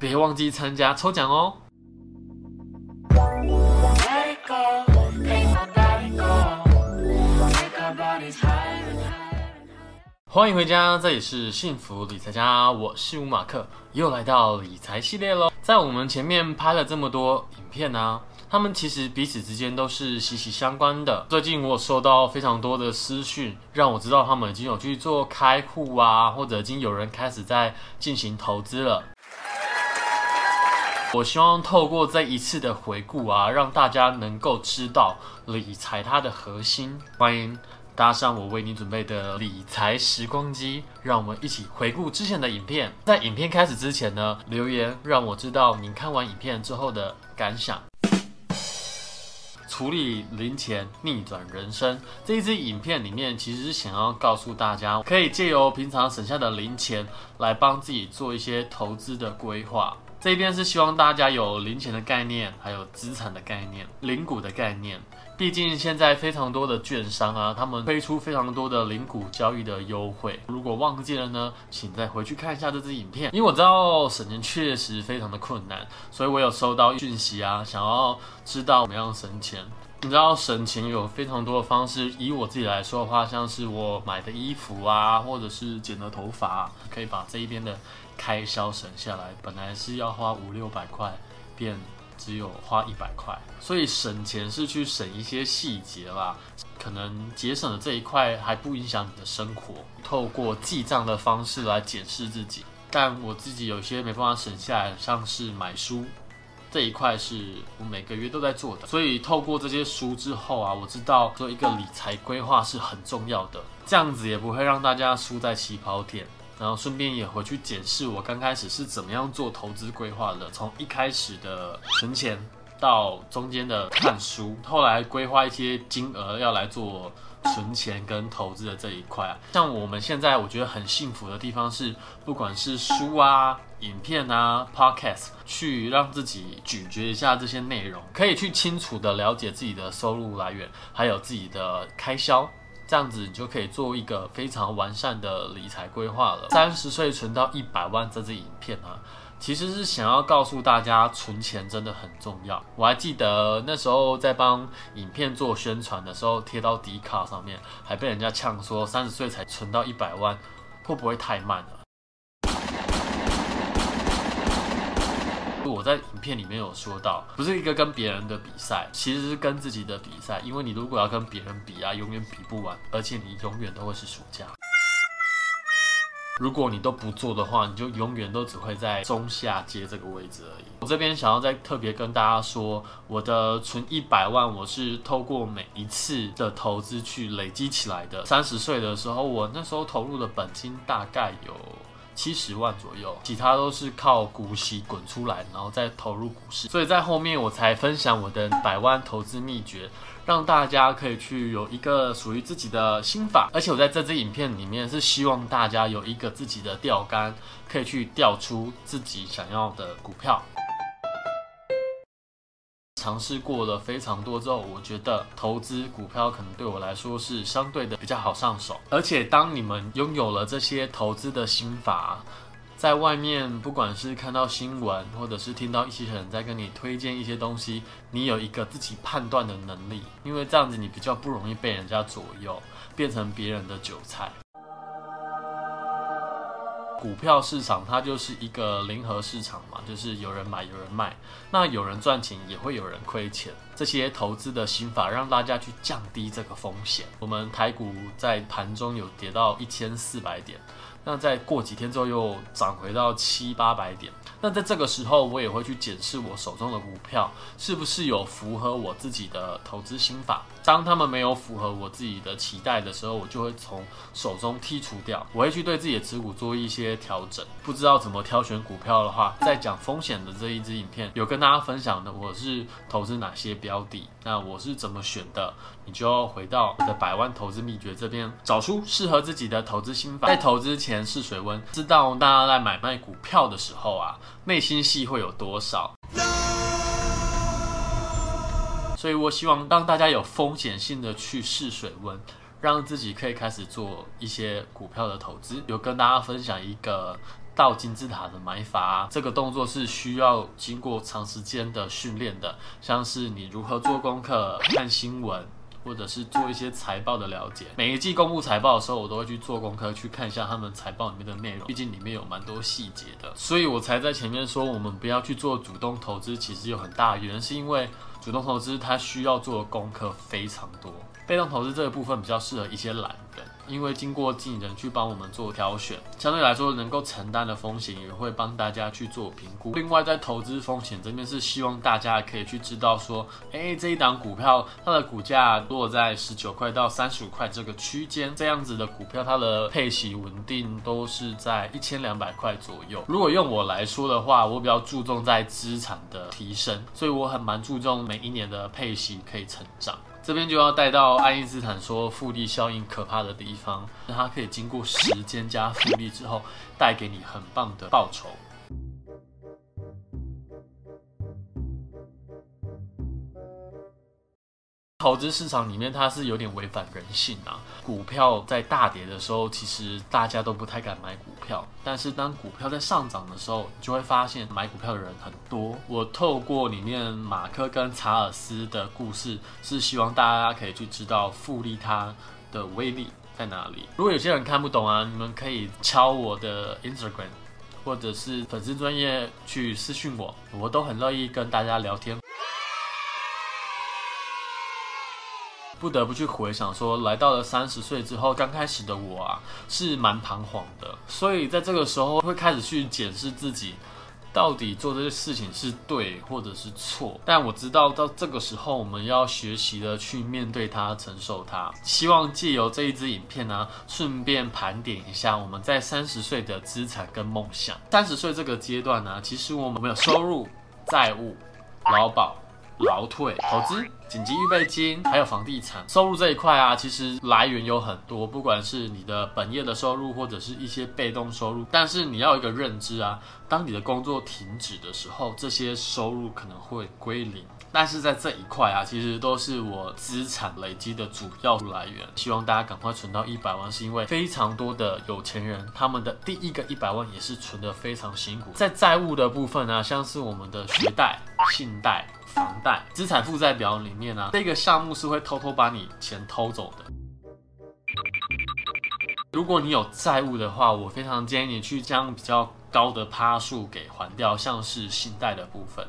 別忘記參加抽獎哦！歡迎回家，這裡是幸福理財家，我是吳馬克，又來到理財系列嘍。在我們前面拍了這麼多影片啊，他們其實彼此之間都是息息相關的。最近我有收到非常多的私訊，讓我知道他們已經有去做開戶啊，或者已經有人開始在進行投資了。我希望透過這一次的回顧啊，讓大家能夠知道理財它的核心。歡迎搭上我為你準備的理財時光機，讓我們一起回顧之前的影片。在影片開始之前呢，留言讓我知道你看完影片之後的感想。處理零錢，逆轉人生這一支影片裡面，其實是想要告訴大家，可以借由平常省下的零錢來幫自己做一些投資的規劃。這邊是希望大家有零錢的概念，還有資產的概念，零股的概念。畢竟現在非常多的券商啊，他們推出非常多的零股交易的優惠。如果忘記了呢，請再回去看一下這支影片。因為我知道省錢確實非常的困難，所以我有收到訊息啊，想要知道怎麼樣省錢。你知道省錢有非常多的方式。以我自己來說的話，像是我買的衣服啊，或者是剪了頭髮，可以把這一邊的開銷省下來，本來是要花五六百塊，變只有花一百塊，所以省錢是去省一些細節啦，可能節省的這一塊還不影響你的生活。透過記賬的方式來檢視自己，但我自己有些沒辦法省下來，像是買書這一塊是我每個月都在做的，所以透過這些書之後啊，我知道做一個理財規劃是很重要的，這樣子也不會讓大家輸在起跑點。然後順便也回去檢視我剛開始是怎麼樣做投資規劃的，從一開始的存錢到中間的看書，後來規劃一些金額要來做存錢跟投資的這一塊。像我們現在我覺得很幸福的地方是，不管是書啊、影片啊、Podcast，去讓自己咀嚼一下這些內容，可以去清楚的了解自己的收入來源，還有自己的開銷。這樣子你就可以做一個非常完善的理財規劃了。三十歲存到一百萬這支影片啊，其實是想要告訴大家，存錢真的很重要。我還記得那時候在幫影片做宣傳的時候，貼到 Dcard 上面，還被人家嗆說三十歲才存到一百萬，會不會太慢了啊？我在影片裡面有說到，不是一個跟別人的比賽，其實是跟自己的比賽。因為你如果要跟別人比啊，永遠比不完，而且你永遠都會是輸家。如果你都不做的話，你就永遠都只會在中下階這個位置而已。我這邊想要再特別跟大家說，我的存一百萬，我是透過每一次的投資去累積起來的。三十歲的時候，我那時候投入的本金大概有七十萬左右，其他都是靠股息滾出來，然後再投入股市。所以在後面我才分享我的百萬投資秘訣，讓大家可以去有一個屬於自己的心法。而且我在這支影片裡面是希望大家有一個自己的釣竿，可以去釣出自己想要的股票。嘗試過了非常多之後，我覺得投資股票可能對我來說是相對的比較好上手。而且當你們擁有了這些投資的心法，在外面不管是看到新聞，或者是聽到一些人在跟你推薦一些東西，你有一個自己判斷的能力，因為這樣子你比較不容易被人家左右，變成別人的韭菜。股票市場它就是一個零和市場嘛，就是有人買有人賣，那有人賺錢也會有人虧錢。這些投資的心法讓大家去降低這個風險。我們台股在盤中有跌到一千四百點。那再過幾天之後又漲回到七八百點，那在這個時候我也會去檢視我手中的股票是不是有符合我自己的投資心法。當他們沒有符合我自己的期待的時候，我就會從手中剔除掉，我會去對自己的持股做一些調整。不知道怎麼挑選股票的話，在講風險的這一支影片有跟大家分享的，我是投資哪些標的，那我是怎麼選的，你就要回到我的百萬投資秘訣這邊，找出適合自己的投資心法，在投資前。前試水溫，知道大家在買賣股票的時候啊，內心戲會有多少？所以，我希望讓大家有風險性的去試水溫，讓自己可以開始做一些股票的投資。有跟大家分享一個倒金字塔的買法啊，這個動作是需要經過長時間的訓練的，像是你如何做功課、看新聞。或者是做一些財報的了解，每一季公布財報的時候，我都會去做功課，去看一下他們財報裡面的內容，畢竟裡面有蠻多細節的，所以我才在前面說我們不要去做主動投資，其實有很大原因是因為主動投資它需要做的功課非常多，被動投資這個部分比較適合一些懶人。因為經過經紀人去幫我們做挑選，相對來說能夠承擔的風險也會幫大家去做評估。另外，在投資風險這邊是希望大家可以去知道說，哎，這一檔股票它的股價落在十九塊到三十五塊這個區間，這樣子的股票它的配息穩定都是在一千兩百塊左右。如果用我來說的話，我比較注重在資產的提升，所以我很蠻注重每一年的配息可以成長。這邊就要帶到愛因斯坦說複利效應可怕的地方，那它可以經過時間加複利之後，帶給你很棒的報酬。投資市場裡面，它是有點違反人性啊。股票在大跌的時候，其實大家都不太敢買股票；但是當股票在上漲的時候，你就會發現買股票的人很多。我透過裡面馬克跟查爾斯的故事，是希望大家可以去知道複利它的威力在哪裡。如果有些人看不懂啊，你們可以敲我的 Instagram，或者是粉絲專頁去私訊我，我都很樂意跟大家聊天。不得不去回想說，說來到了三十歲之後，剛開始的我啊，是蠻彷徨的，所以在這個時候會開始去檢視自己，到底做這些事情是對或者是錯。但我知道到這個時候，我們要學習的去面對它、承受它。希望借由這一支影片呢、啊，順便盤點一下我們在三十歲的資產跟夢想。三十歲這個階段呢、啊，其實我們沒有收入、債務、勞保。勞退、投資、緊急預備金，還有房地產收入這一塊啊，其實來源有很多，不管是你的本業的收入，或者是一些被動收入，但是你要有一個認知啊，當你的工作停止的時候，這些收入可能會歸零。但是在這一塊啊，其實都是我資產累積的主要來源。希望大家趕快存到一百萬，是因為非常多的有錢人，他們的第一個一百萬也是存得非常辛苦。在債務的部分呢啊，像是我們的學貸、信貸、房貸、資產負債表裡面呢、啊，這個項目是會偷偷把你錢偷走的。如果你有債務的話，我非常建議你去將比較高的趴數給還掉，像是信貸的部分。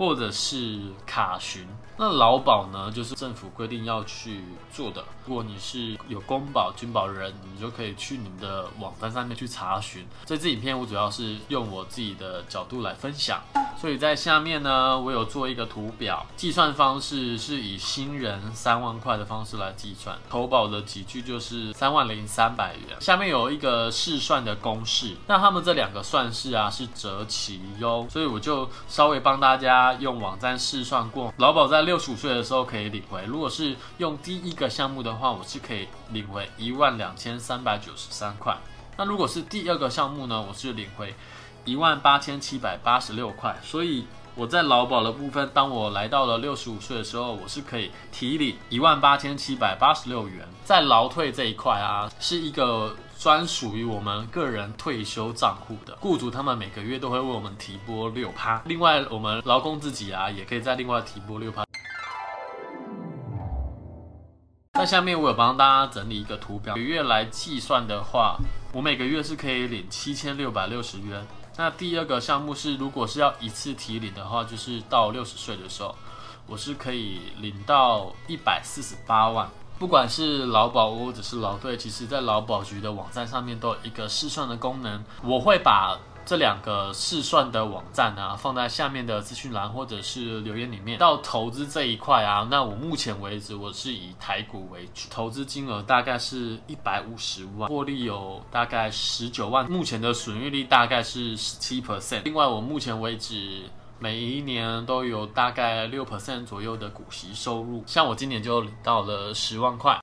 或者是卡尋，那勞保呢，就是政府規定要去做的。如果你是有公保、軍保人，你就可以去你們的網站上面去查詢。這支影片我主要是用我自己的角度來分享，所以在下面呢，我有做一個圖表。計算方式是以新人三萬塊的方式來計算投保的，級距就是三萬零三百元。下面有一個試算的公式，那他們這兩個算式啊是擇其優，所以我就稍微幫大家。用網站試算過，勞保在六十五歲的時候可以領回。如果是用第一個項目的話，我是可以領回一萬兩千三百九十三塊。那如果是第二個項目呢？我是領回一萬八千七百八十六塊。所以我在勞保的部分，當我來到了六十五歲的時候，我是可以提領一萬八千七百八十六元。在勞退這一塊啊，是一個，專屬於我們個人退休賬戶的雇主，他們每個月都會為我們提撥六趴。另外，我們勞工自己啊，也可以再另外提撥六趴。那下面我有幫大家整理一個圖表，每月來計算的話，我每個月是可以領七千六百六十元。那第二個項目是，如果是要一次提領的話，就是到六十歲的時候，我是可以領到一百四十八萬。不管是勞保或者是勞退，其實在勞保局的網站上面都有一個試算的功能。我會把這兩個試算的網站啊放在下面的資訊欄或者是留言裡面。到投資這一塊啊，那我目前為止，我是以台股為主，投資金額大概是一百五十萬，獲利有大概十九萬，目前的損益率大概是十七 percent。另外我目前為止。每一年都有大概六%左右的股息收入，像我今年就領到了十萬塊。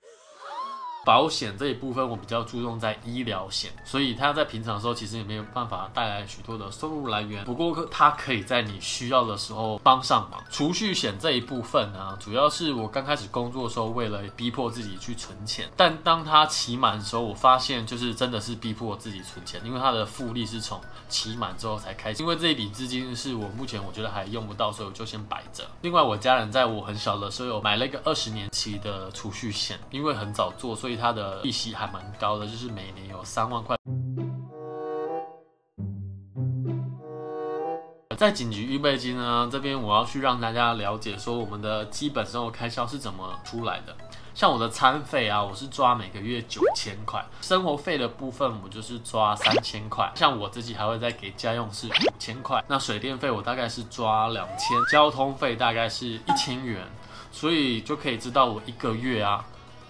保險這一部分，我比較注重在醫療險，所以它在平常的時候其實也沒有辦法帶來許多的收入來源。不過它可以在你需要的時候幫上忙。儲蓄險這一部分呢、啊，主要是我剛開始工作的時候，為了逼迫自己去存錢。但當它期滿的時候，我發現就是真的是逼迫我自己存錢，因為它的複利是從期滿之後才開始。因為這一筆資金是我目前我覺得還用不到，所以我就先擺着。另外，我家人在我很小的時候有買了一個二十年期的儲蓄險，因為很早做，所以。它的利息還蠻高的，就是每年有三萬塊。在緊急預備金呢，這邊我要去讓大家了解說我們的基本生活開銷是怎麼出來的。像我的餐費啊，我是抓每個月九千塊；生活費的部分，我就是抓三千塊。像我自己還會再給家用是五千塊。那水電費我大概是抓兩千，交通費大概是一千元，所以就可以知道我一個月啊。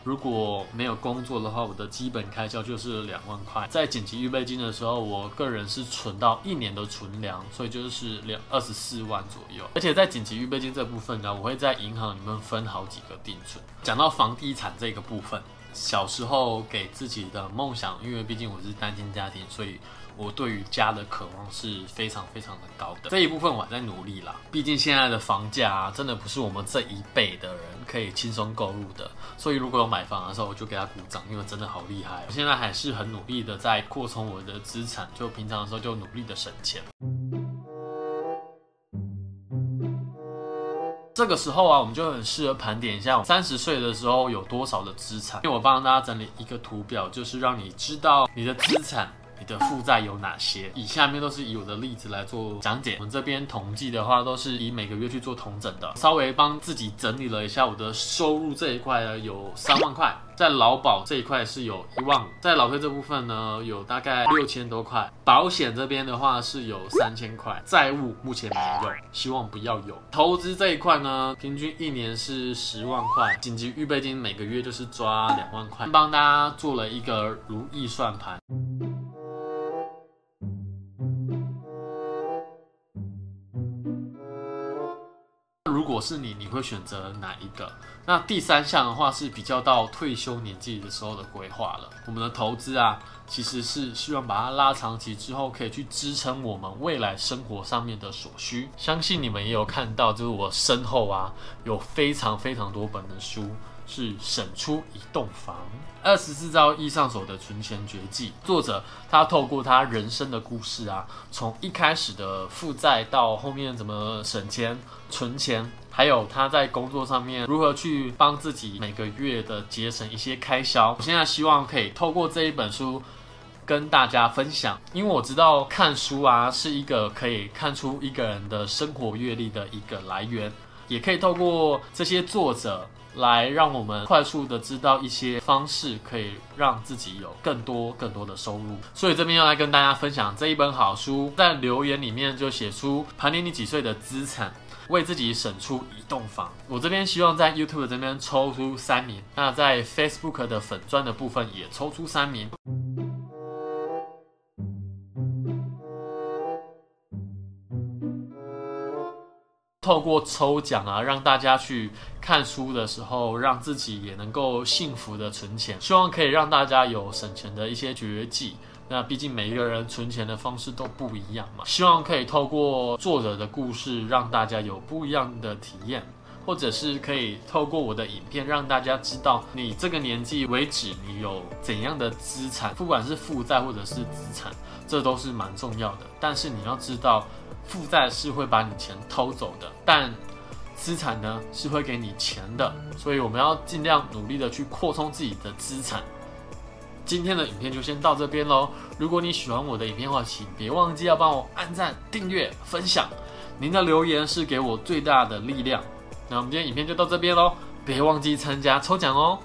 如果沒有工作的話，我的基本開銷就是兩萬塊。在緊急預備金的時候，我個人是存到一年的存糧，所以就是兩二十四萬左右。而且在緊急預備金這部分呢，我會在銀行裡面分好幾個定存。講到房地產這個部分，小時候給自己的夢想，因為畢竟我是單親家庭，所以，我對於家的渴望是非常非常的高的，這一部分我還在努力啦。畢竟現在的房價啊真的不是我們這一輩的人可以輕鬆購入的，所以如果有買房的時候，我就給他鼓掌，因為真的好厲害。我現在還是很努力的在擴充我的資產，就平常的時候就努力的省錢。這個時候啊，我們就很適合盤點一下我三十歲的時候有多少的資產。因為我幫大家整理一個圖表，就是讓你知道你的資產。你的負債有哪些？以下面都是以我的例子來做講解。我們這邊統計的話，都是以每個月去做統整的。稍微幫自己整理了一下，我的收入這一塊呢，有三萬塊，在勞保這一塊是有一萬五，在老退這部分呢有大概六千多塊，保險這邊的話是有三千塊，債務目前沒有，希望不要有。投資這一塊呢，平均一年是十萬塊，緊急預備金每個月就是抓兩萬塊，幫大家做了一個如意算盤。如果是你，你會選擇哪一個？那第三項的話是比較到退休年紀的時候的規劃了。我們的投資啊，其實是希望把它拉長期之後，可以去支撐我們未來生活上面的所需。相信你們也有看到，就是我身後啊，有非常非常多本的書。是省出一棟房，二十四招易上手的存錢絕技。作者他透過他人生的故事啊，從一開始的負債到後面怎麼省錢、存錢，還有他在工作上面如何去幫自己每個月的節省一些開銷。我現在希望可以透過這一本書跟大家分享，因為我知道看書啊是一個可以看出一個人的生活閱歷的一個來源，也可以透過這些作者。來，讓我們快速的知道一些方式，可以讓自己有更多更多的收入。所以這邊要來跟大家分享這一本好書，在留言裡面就寫出盤點你幾歲的資產，為自己省出一棟房。我這邊希望在 YouTube 這邊抽出三名，那在 Facebook 的粉專的部分也抽出三名。透過抽獎啊，讓大家去看書的時候，讓自己也能夠幸福的存錢。希望可以讓大家有省錢的一些絕技。那畢竟每一個人存錢的方式都不一樣嘛。希望可以透過作者的故事，讓大家有不一樣的體驗，或者是可以透過我的影片，讓大家知道你這個年紀為止，你有怎樣的資產，不管是負債或者是資產，這都是蠻重要的。但是你要知道。負債是會把你錢偷走的，但資產呢，是會給你錢的，所以我們要盡量努力的去擴充自己的資產。今天的影片就先到這邊嘍。如果你喜歡我的影片的話，請別忘記要幫我按贊、訂閱、分享。您的留言是給我最大的力量。那我們今天影片就到這邊嘍，別忘記參加抽獎哦。